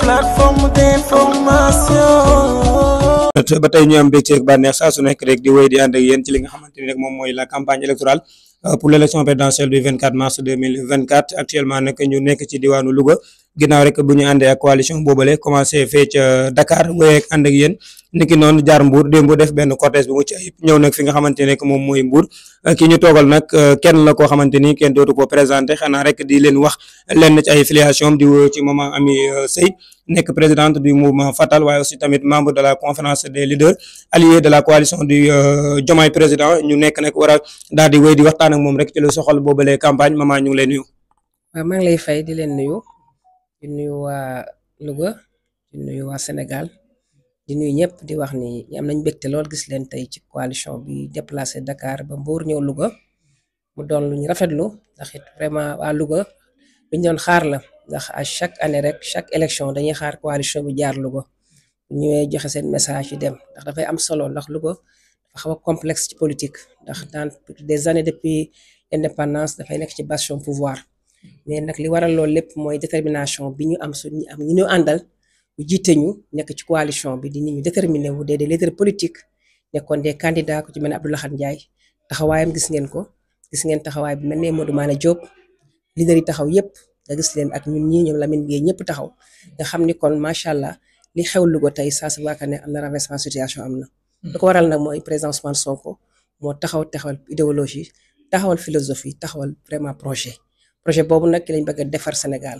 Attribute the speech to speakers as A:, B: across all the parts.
A: plateforme d'information. ba tey ñu am mbégte ak bànneex saa nekk rek di wéy di ànd ak yéen ci li nga xamante ni rek moom mooy la campagne électorale. Euh, pour l'élection présidentielle du 24 mars 2024 actuellement nag ñu nekk ci diwaanu Louga ginnaaw rek bu ñu àndee ak coalition boobale commencé fee ca Dakar wéy ak ànd ak yéen. niki noonu jaar Mbour démb def benn cortège bu mucc ayib ñëw nag fi nga xamante ne moom mooy Mbour euh, ki ñu toogal nag euh, kenn la koo xamante ni kenn dootu ko présenté xanaa rek di leen wax leen ci ay filiation di ci maman Amy euh, Seye nekk présidente du mouvement Fatal waaye aussi tamit membre de la conférence des leaders alliés de la coalition du Diomaye président ñu nekk nag war a daal di wéy di waxtaan ak moom rek ci lu soxal boobalee campagne maman ñu ngi leen nuyu.
B: waaw maa ngi lay fay di leen nuyu nuyu waa Sénégal. di nuyu ñëpp di wax ni am nañ mbégte lool gis leen tey ci coalition bi déplacé Dakar ba Mbour ñëw Louga mu doon luñ rafetlu ndax it vraiment waa Louga luñ doon xaar la ndax chaque année rek chaque élection dañuy xaar coalition bi jaar Louga ñëwee joxe seen message yi dem ndax dafay am solo ndax Louga dafa xaw a ci politique ndax dans des années depuis indépendance dafay nekk ci bastion pouvoir mais nag li waral lool lépp mooy détermination bi ñu am ñu am ñu ñu àndal ñu jiite ñu nekk ci coalition bi di nit ñu déterminé wu dee des leaders politiques nekkoon de candidats ku ci mel ne Abdou Lahad taxawaayam gis ngeen ko gis ngeen taxawaay bi mel ne Modou Mané Diop leader yi taxaw yépp nga gis leen ak ñun ñii ñoom Lamine Gueye ñëpp taxaw nga xam ni kon macha allah ni xew Louga tey saa su ne am na renversement situation am na. Hmm. lu ko waral nag mooy président Ousmane Sonko moo taxaw taxawal idéologie taxawal philosophie taxawal vraiment projet projet boobu nag ki lañ bëgg a defar Sénégal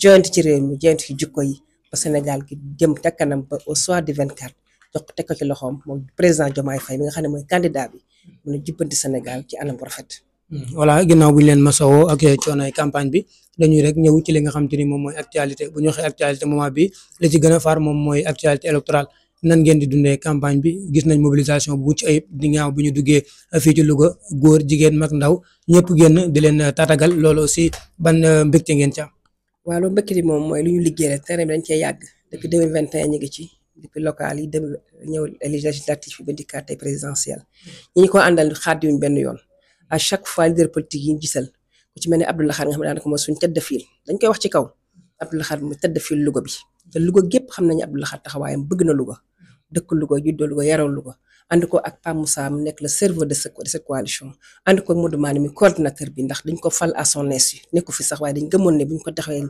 B: joyante ci réew mi joyante ci jikko yi. ba Sénégal gi jëm te kanam ba au soir du 24 jox teg ko ci loxoom moom président Diomaye Faye mi nga xam ne mooy candidat bi mun a jubbanti Sénégal ci anam bu rafet.
A: Mm-hmm. voilà ginnaaw bu ñu leen masawoo ak coonay campagne bi dañuy rek ñëw ci li nga xam te ni moom mooy actualité bu ñu waxee actualité moment bi li ci gën moom mooy actualité électorale nan ngeen di dundee campagne bi gis nañ mobilisation bu ci ayib ginnaaw bi ñu duggee fii ci Louga góor jigéen mag ndaw ñëpp génn di leen tatagal loolu aussi ban euh, mbégte ngeen ci
B: waaw loolu mbëkk moom mooy lu ñu liggéey rek terrain bi dañ cee yàgg depuis 2021 ñu ngi ci depuis dem ñëw législatif bi ba dikkaat tey présidentielle ñi ñu ko àndal xaat yuñ benn yoon à chaque fois leader politique yi ñu gisal ku ci mel ne Abdou Lahad nga xam ne daanaka mooy suñu tëdd fiil dañ koy wax ci kaw Abdou Lahad mu tëdd fiil Louga bi te Louga gépp xam nañu Abdou Lahad taxawaayam bëgg na Louga dëkk Louga juddoo Louga yaroo Louga ànd ko ak Pape Moussa mu nekk le serveur de cette coalition ànd ko Modou Mané mi coordinateur bi ndax dañ ko fal à nekk insu nekku fi sax waaye dañ gëmoon ne buñ ko taxawee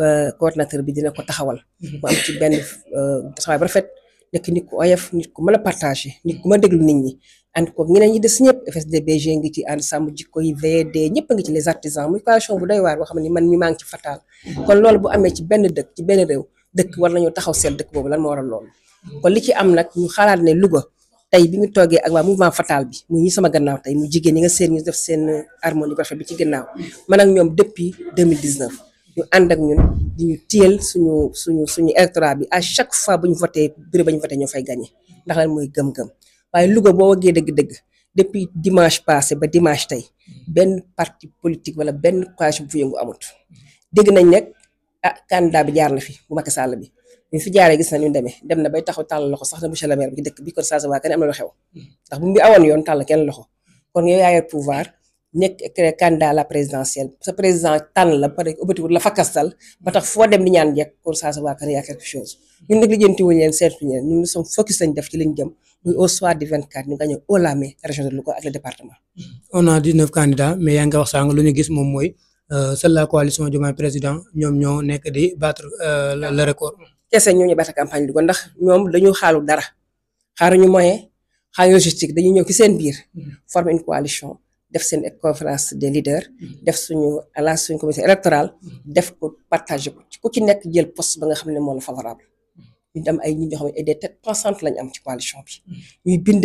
B: euh, coordinateur bi dina ko taxawal mhm. mu am ci benn euh, taxawaay bu rafet nekk nit ku oyof nit ku mën a partagé nit ku ma déglu nit ñi ànd ko ñeneen ñi des ñëpp FSDBG ngi ci ànd sàmm jikko yi VD ñëpp a ci les artisans muy coalition bu doy waar boo xam ne man mi maa ngi ci fatal mhm. kon loolu bu amee ci benn dëkk ci benn réew dëkk war nañoo taxaw seet dëkk boobu lan moo waral loolu kon li ci am nag ñu xalaat ne Louga tey bi ñu toogee ak waa mouvement fatal bi mu ñi sama gannaaw tey mu jigéen ñi nga seen ñu def seen harmonie bu rafet bi ci gannaaw man ak ñoom depuis 2019 ñu ànd ak ñun di ñu téyel suñu suñu suñu électorat bi à chaque fois bu ñu voté bureau ba ñu voté ñoo fay gagné ndax lan mooy gëm-gëm waaye Louga boo wagee dëgg-dëgg depuis dimanche passé ba dimanche tey benn parti politique wala benn coalition bu fi yëngu amut dégg nañ nag ah candidat bi jaar na fi bu Macky Sall bi bi fi jaaree gis na ñu demee dem na bay taxaw tàll loxo sax na monsieur le maire bi dëkk bi am na lu xew ndax bu awoon yoon tàll kenn loxo kon yow yaa pouvoir nekk candidat la présidentielle sa président tànn la pare di ñaan jekk du 24 ñu gagné
A: a 19 candidats mais yaa wax sànq lu ñu gis moom mooy euh, seule la coalition président ñoom ñoo nekk
B: di battre euh, le record. kese ñoo ñu bata campagne bi ndax ñoom dañoo xaalu dara ñu moyen xaaru logistique dañu ñëw ci seen biir former une coalition def seen conférence des leaders def suñu ala suñu commission électorale def ko partager ku ci nekk jël poste ba nga xam ne moom la favorable ñu am ay ñi ñoo xam ne ay lañu am ci coalition bi ñuy bind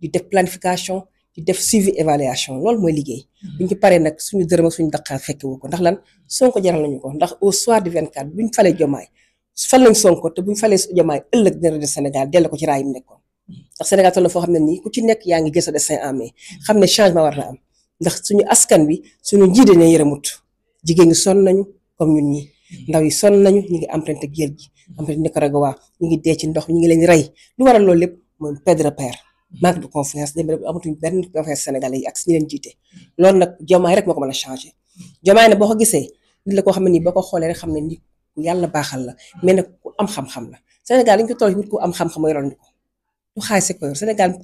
B: di def planification di def suivi évaluation loolu mooy liggéey bu ñu pare nag suñu dërëm ak suñu daqaar fekki ko ndax lan Sonko jaral nañu ko ndax au soir du 24 bi ñu falee Diomaye su fal nañ Sonko te buñ falee Diomaye ëllëg dina de Sénégal dellu ko ci raay mu nekkoon ndax Sénégal toll na foo xam ne nii ku ci nekk yaa ngi gëstu destin en main xam ne changement war na am ndax suñu askan bi suñu njiit ne yërëmut jigéen ñi sonn nañu comme ñun ñi ndaw yi sonn nañu ñu ngi emprunté géej gi emprunté Nicaragua ñu ngi dee ci ndox ñu ngi leen rey lu waral loolu lépp mooy perte de repère manque de confiance dem amatuñ benn confiance sénégalais yi ak suñu leen jiite loolu nag Diomaye rek moo ko mën a changé Diomaye ne boo ko gisee nit la koo xam ne nii boo ko xoolee rek xam ne nit ku yàlla baaxal la mais nag ku am xam-xam la Sénégal dañu ko toll nit ku am xam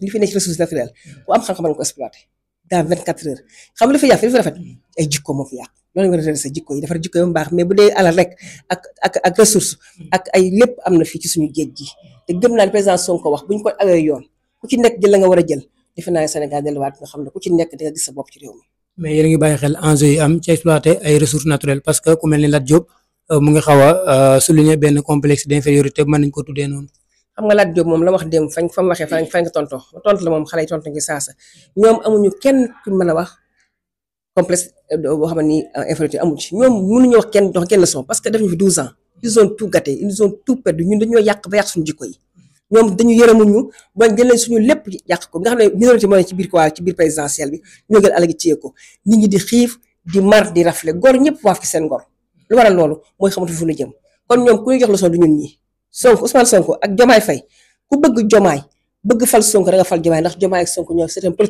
B: li fi nekk ci ressource naturelle ku am xam-xam lañ ko exploité dans 24 heures xam li fi fi rafet ay jikko moo baax mais bu dee alal rek ak ressource ay lépp am na fii ci suñu géej te gëm naa ne président wax bu ñu ko awee yoon ku ci nekk jël nga war jël defe naa Sénégal delluwaat nga xam ne ku ci nekk di nga gis sa bopp ci réew mi
A: mais yéen ngi bàyyi xel enjeu yi am ci exploité Euh, mu ngi xaw a euh, souligner benn complexe d'infériorité mën nañ ko tuddee noonu.
B: xam nga Lat Diop moom la wax démb fañ fa mu waxee fañ fañ ko tonto tontu la moom xale yi tontu ngi saasa ñoom wax complexe euh, boo xam ne nii infériorité amu ci ñoom wax kenn dox kenn leçon parce que def ñu fi 12 ans ils ont tout gâté yàq ba yàq suñu jikko yi. ñoom dañu ba jël nañ suñu lépp yàq ko nga xam ne minorité ci biir quoi ci biir présidentielle bi ñoo gën a gi téye ko nit ñi di xiif di mar di rafle gor ñëpp waaf ci seen ngor. lu waral loolu mooy xamatu fu ñu jëm kon ñoom ku ñu jox leçon du ñun ñi Sonko Ousmane Sonko ak Jomaay Faye ku bëgg Jomaay bëgg fal Sonko da nga fal Jomaay ndax Jomaay ak Sonko ñoom c'est un mooy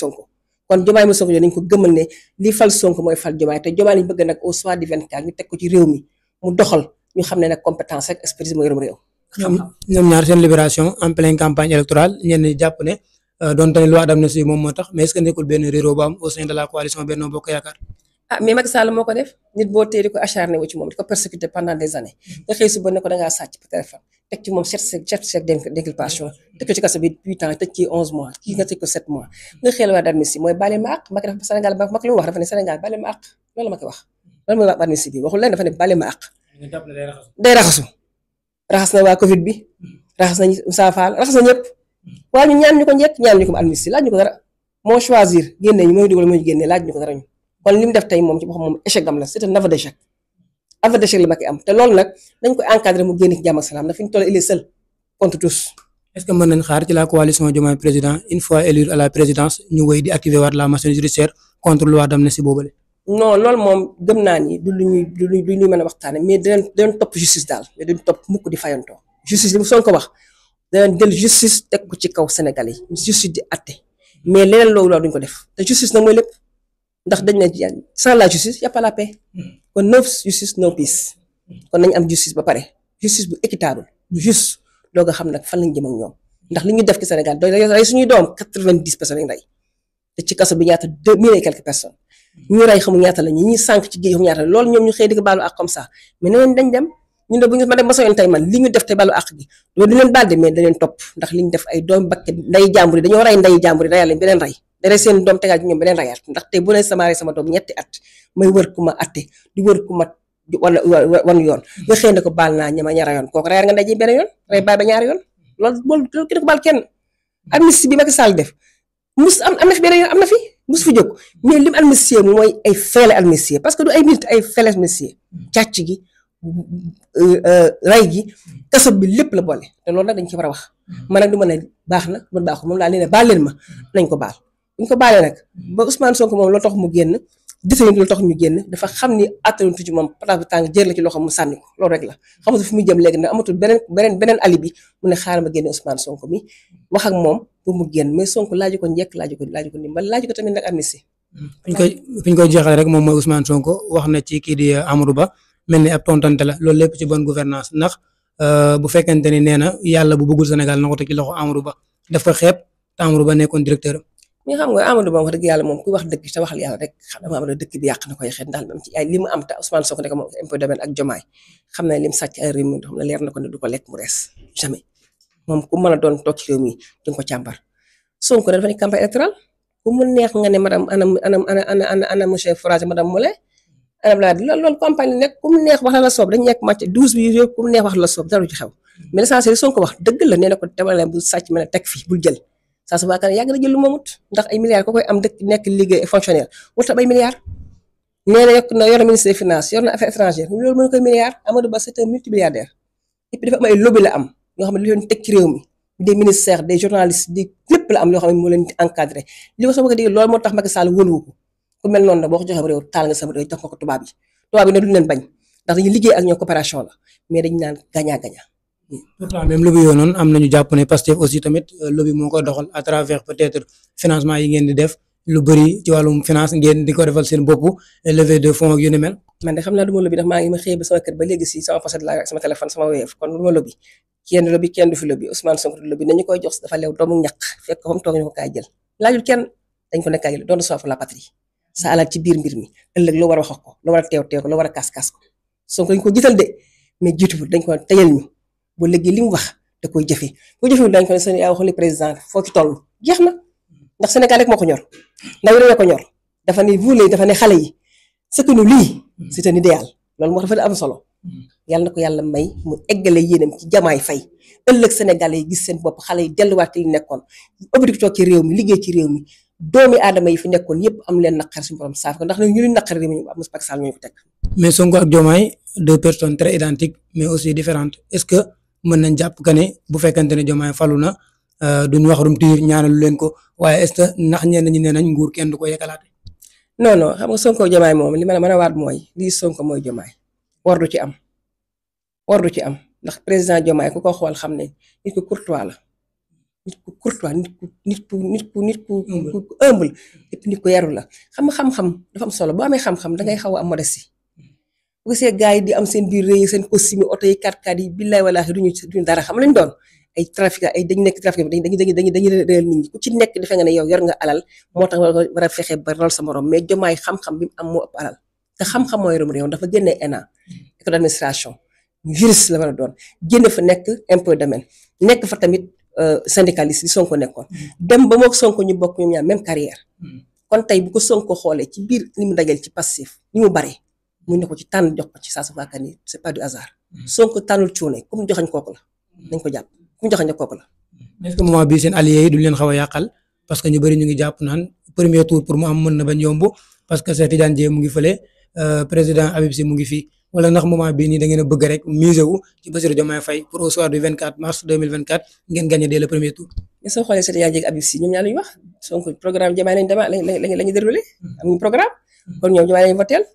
B: Sonko kon Jomaay mooy ko gëmal ne lii fal Sonko mooy fal Jomaay te Jomaay lañu bëgg nag au soir du 24 ñu ko ci réew mi mu doxal ñu xam ne nag compétence rek expertise mooy réew. ñoom
A: ñaar seen libération en pleine campagne électorale ñenn ñi jàpp ne euh, doon tamit loi d'amnistie moom moo tax mais est-ce que nekkul benn réeróo bu am au sein la coalition Benno Bokk Yaakaar
B: ah mais Macky Sall moo ko def nit boo tee ko acharné mm-hmm. ne ko ci moom mooy bàyyi ma àq Macky dafa Sénégal ba Macky lu wax mm-hmm. bi waxul leen dafa ne bàyyi ma àq day raxasu raxas na waa Covid bi mm-hmm. raxas na Moussa Fall raxas na ñëpp waaye ñu ñaan ñu ko njëkk ñaan ñu ko admisi laaj ñu ko dara moo choisir génne ñu mooy dugal mooy génne laaj ñu ko dara ñu kon li mu def tey moom ci boppam moom échec am la c'est un aveu d'échec aveu d'échec la Macky am te loolu nag dañ koy encadré mu génn ci jàmm salaam ndax fi ñu toll il est contre tous.
A: est que mën nañ xaar la coalition Diomaye président une fois élu à la présidence ñu moom
B: gëm naa ni du lu ñuy du lu ñuy mën a waxtaane mais dinañ topp justice daal mais topp mukk di fayantoo justice li mu soon ko danañ jël justice teg ko ci kaw Sénégal yi justice di atte mais leneen loolu laa duñ ko def ndax dañ ne sans la justice y a pas la paix hmm. kon no justice no peace hmm. kon nañ am justice ba pare justice bu équitable bu juste doo nga xam nag fan lañ jëm ak ñoom ndax li ñu def ci Sénégal doy rey ci kaso bi ñaata deux hmm. la ñu ñuy ci géej xamu ñaata la loolu ñoom ñu xëy di ko baalu ñu def te baalu ak bi loolu di leen baal de ndax li ñu def ay doom bakke nday jàmbur yi dañoo rey nday jàmbur yi reyaleen beneen rey dana seen doom tegaat ñoom beneen rayaat ndaxte bu leen sama sama doom ñetti at may wër ku ma atte di wër wan yoon nga na ko baal naa ñama ñaara yoon kooku rayaat nga ndaje benn yoon ray baal yoon loolu loolu ki bi Macky Sall def mus am am na am na fi mus fi jóg mais lim amnistie mooy ay feele amnistie parce ay minute ay feele càcc gi euh, euh, ray gi kaso bi lépp la boole te loolu nag dañ ci war wax man nag du ma ne baax na man baaxul moom laa leen baal leen ma nañ ko baal bu ñu ko bàyyee nag ba Ousmane Sonko moom loo tax mu génn dese yi ñu génn dafa xam ni attanutu ci moom pataas bu tàng jër la ci loxo mu sànni ko loolu rek la xamatu fi mu jëm léegi nag amatul beneen beneen beneen alibi mu ne xaaral ma génne Ousmane Sonko mi ak moom pour mu génn mais Sonko laaju ko njëkk laaju ko laaju ko ndimbal laaju ko tamit nag amnistie
A: fiñ koy fiñ koy jeexal rek moom mooy Ousmane Sonko wax na ci kii di euh, Amadou Ba mel ni ab tontante la loolu lépp ci bonne gouvernance ndax euh, bu fekkente ni nee na yàlla bu bëggul Sénégal na ko ci loxo Amadou Ba daf ko xeeb te Ba nekkoon directeur
B: mais xam nga Amadou moom xam nga dëkk bi yàq na koy xet daal même ci ay li mu am te Ousmane Sonko nekk moom impôt domaine ak Jomaay xam na lim sàcc ay réew mi mu rees doon toog ci ko càmbar Sonko dafa nekk campagne nga ne madame ana ana ana ana loolu mu neex wax la la soob dañu nekk match douze la la soob dara du ci xew mais l'essentiel Sonko wax dëgg la nee na ko demal bu sàcc mën a teg fii bul jël Sassou Bakane yàgg na jël lu moomut ndax ay milliards ko am dëkk liggéey fonctionnaire mu tab ay milliards nee yor na ministre des yor na affaires étrangères loolu xam ne li ci réew mi des ministères des journalistes di lépp la am loo xam ne moo leen encadré li ko soo a dégg tax Macky Sall wóoluwu ko ku mel noonu la boo ko joxee réew taal nga sama réew jox tubaab yi tubaab yi ne duñ leen bañ ndax dañuy liggéey ak ñoom coopération la mais dañu naan gagnant gagnant
A: pourtant même lobby yooyu am nañu jàpp ne Pastef aussi tamit euh, lobby moo ko doxal à travers peut financement yi ngeen def lu bëri ci finance ngeen ko defal seen bopp levée de fonds ak yu ni ma
B: lobby ma xëy ba dañ ko ne a ñu bu léegi li mu wax da koy jëfe bu jëfewul dañ ko ne seen yaa waxu li président foo ci toll jeex na ndax Sénégal rek moo ko ñor ndaw yi ko ñor dafa ne vuulee dafa ne xale yi ce que nous lii dafa ne solo yàlla na ko yàlla may mu eggale yéenam ci jamaay fay ëllëg Sénégal seen bopp xale yi delluwaat li nekkoon ëppati toog ci réew mi liggéey ci réew mi yi fi nekkoon yëpp am leen naqar suñu borom ko ndax ñu ñu naqar réew mi am Macky Sall ñu ko teg
A: mais Sonko ak Diomaye deux personnes très identiques mais aussi différentes est-ce que mën nañ jàpp que ne bu fekkente ne Diomaye falu na euh, duñ wax rum tiir ñaanalu leen ko waaye est-ce que ndax ñenn ñi nee nañ
B: nguur kenn du ko yekkalaate non non xam nga Sonko Diomaye moom li ma la mën a waat mooy lii Sonko mooy Diomaye war du ci am war du ci am ndax président Diomaye ku ko xool xam ne nit ku courtois la nit ku courtois nit ku nit ku nit ku nit ku humble la xam-xam-xam dafa solo boo amee xam-xam dangay xaw a am modestie bu gisee gars yi di am seen biir réew seen costume oto yi kat-kat yi billaay walaahi duñu duñu dara xam lañ doon ay trafic ay dañu nekk trafic bi dañu dañu dañu dañu réel nit ñi ku ci nekk defe nga ne yow yor nga alal moo tax war a fexe ba rol sa morom mais jomaay xam-xam bi mu am moo ëpp alal te xam-xam mooy rom réew dafa génne ENA école d'administration juriste la war a doon génne fa nekk impôt domaine nekk fa tamit euh, syndicaliste bi Sonko nekkoon dem ba mook Sonko ñu bokk ñoom ñaar même carrière hmm. kon tey bu ko Sonko xoolee ci biir li mu dajal ci passif li mu bare mu ne ci tànn jox ko ci saa su fekkaan ni c'est pas du hasard. Mm. Sonko tànnul cuune ku mu joxañ kooku la nañ jàpp
A: ku mu bii seen allié yi duñ leen xaw a yàqal parce que ñu bëri ñu ngi jàpp naan premier tour pour mu am mën na bañ yomb parce que Cheikh Tidiane Dièye mu ngi fële euh, président Habib Sy mu ngi fii wala ndax moment bii nii da bëgg rek musé ci Bassirou Diomaye Faye pour au soir du 24 mars 2024 ngeen gagné dès le premier
B: tour.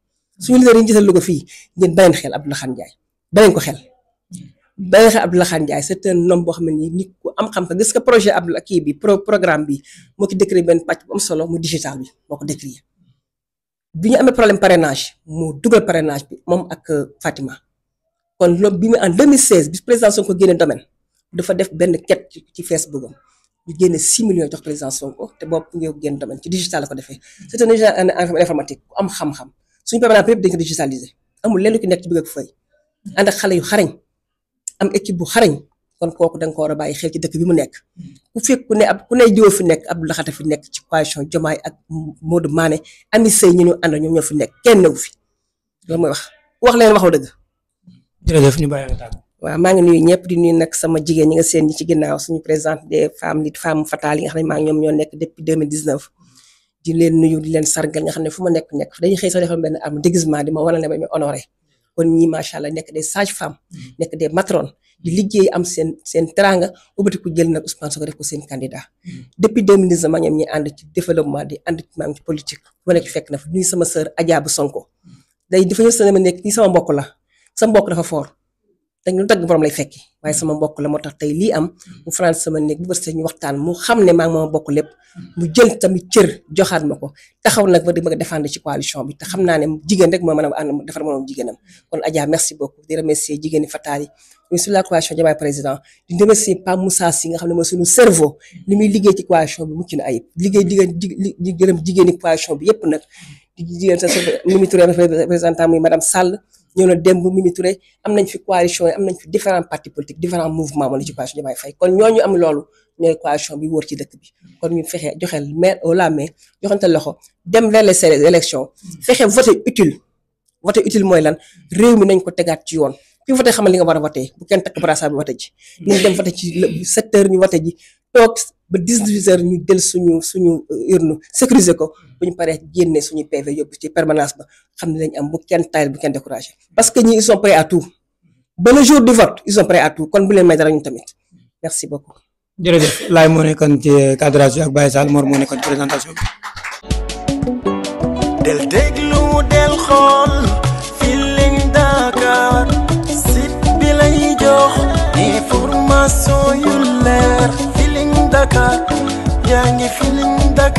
B: suñu leader yi ñu gisal Louga fii ngeen bàyyi xel Abdoulakhane Ndiaye bàyyi ko xel bàyyi xel Abdoulakhane Ndiaye c'est un homme boo xam ne nit xam ka gis nga projet Abdoulaye kii bi pro programme bi moo ko décrit benn pàcc bu solo mu digital bi moo ko décrit bi ñu amee problème parrainage mu dugal parrainage bi moom ak euh, Fatima kon loolu bi mu en 2016 bi président Sonko génne domaine dafa def benn quête ci Facebook am ñu génne 6 millions jox président Sonko te boobu ñu génne domaine ci digital la ko defee c'est informatique ku am xam-xam. suñu programme yëpp dañ ko digitalisé amul lenn ki nekk ci bëgg ak fay ànd ak xale yu xareñ am équipe bu xareñ kon kooku da nga ko war a bàyyi xel ci dëkk bi mu nekk ku fekk ku ne ab ku ne jiw fi nekk Abdou Lakhate fi nekk ci coalition Diomaye ak Modou Mané Ami Seye ñu ñu ànd ñoom ñoo fi nekk kenn newu fi loolu mooy wax wax leen waxoo dëgg.
A: jërëjëf ñu bàyyi la
B: waaw maa ngi nuyu ñëpp di nuyu nag sama jigéen ñi nga seen ñi ci ginnaaw suñu présidente des femmes nit femmes fatales maa ngi ñoom nekk depuis 2019 di leen nuyu di leen sargal nga xam ne fu ma nekk nekk dañuy xëy sax defal benn arme déguisement di ma waral ne ba ñu honoré kon ñii macha allah nekk des sages femmes mm-hmm. nekk des matrones di liggéey am seen seen teranga ubbati ko jël nag Ousmane Sonko def ko seen candidat. Mm-hmm. depuis 2010 ma ñoom ñi ànd ci développement di ànd ci maam ci politique. ma nekk fekk na sama sœur Adja Sonko mm-hmm. day dafa sama nekk nii sama mbokk la sa mbokk dafa fort. dañ lu dagg borom lay fekki waaye sama mbokk la moo tax tey lii am mm-hmm. mu France sama néeg bu bët ñu waxtaan mu xam ne maa ngi ma bokk lépp mm-hmm. mu jël tamit cër joxaat ma ko taxaw nag ba di bëgg a défendre ci bi te xam naa ne jigéen rek moo a ànd defar moom jigéenam mm-hmm. kon Adja merci beaucoup di remercier jigéeni Fatali yi sur la coalition Diomaye président di remercier Pape Moussa Sy nga xam ne mooy suñu cerveau li muy liggéey ci coalition bi mucc na ayib liggéey jigéen di gërëm jigéeni coalition bi yépp nag di jigéen représentant muy madame ñëw na démb Mimi Touré am nañ fi coalition yi am nañ fi différents partis politiques différents mouvements moo ne ci coalition Diomaye Faye kon ñooñu am loolu ñooy coalition bi wóor ci dëkk bi kon ñu fexe joxeel maire au la main loxo dem vers les élections fexe voté utile voté utile mooy lan réew mi nañ ko tegaat ci yoon ki voté xamal li nga war a voté bu kenn takk brassard bi voté ji nañ dem voté ci 7 ñu voté ji toog ba 18 heures ñu jël suñu suñu euh, urne sécuriser ko bu ñu paree génne suñu PV yóbbu ci permanence ba xam ne dañu am bu kenn tayal bu kenn découragé parce que ñi ils sont à tout ba le jour du vote ils sont à tout kon bu leen may dara ñu tamit merci beaucoup.
A: jërëjëf Laye moo nekkoon ci cadrage bi ak Baye Sall Mor moo nekkoon ci présentation bi.
B: del déglu del xool.